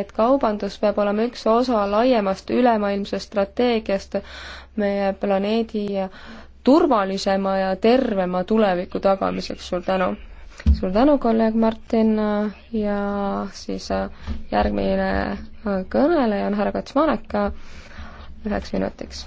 et kaubandus peab olema üks osa laiemast ülemaailmsest strateegiast meie planeedi turvalisema ja tervema tuleviku tagamiseks. suur tänu! suur tänu, kolleeg Martin ja siis järgmine kõneleja on härra Katsmanek üheks minutiks.